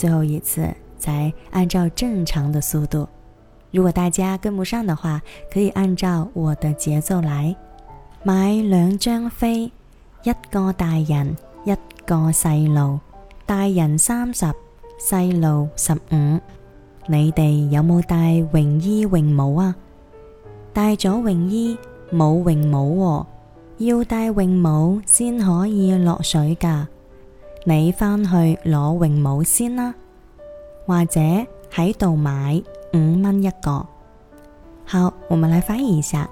最後一次，才按照正常的速度。如果大家跟不上的話，可以按照我的節奏來。買兩張飛，一個大人，一個細路。大人三十，細路十五。你哋有冇帶泳衣泳帽啊？帶咗泳衣，冇泳帽喎。要帶泳帽先可以落水噶。你返去攞泳帽先啦，或者喺度買五蚊一個。好，我們來翻譯一下，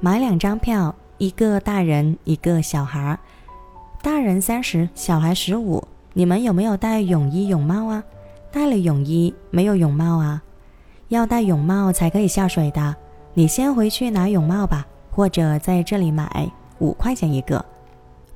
買兩張票，一個大人一個小孩，大人三十，小孩十五。你們有沒有帶泳衣泳帽啊？帶了泳衣，沒有泳帽啊。要戴泳帽才可以下水的。你先回去拿泳帽吧，或者在這裏買五塊錢一個。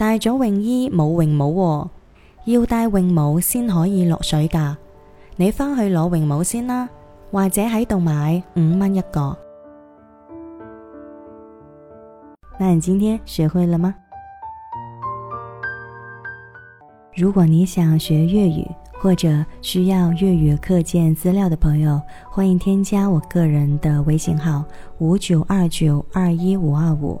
帶咗泳衣冇泳帽，喔，要帶泳帽先可以落水噶。你返去攞泳帽先啦，啊，或者喺度買五蚊一個。那你今天學會了嗎？如果你想學粵語或者需要粵語課件資料的朋友，歡迎添加我個人的微信號五九二九二一五二五。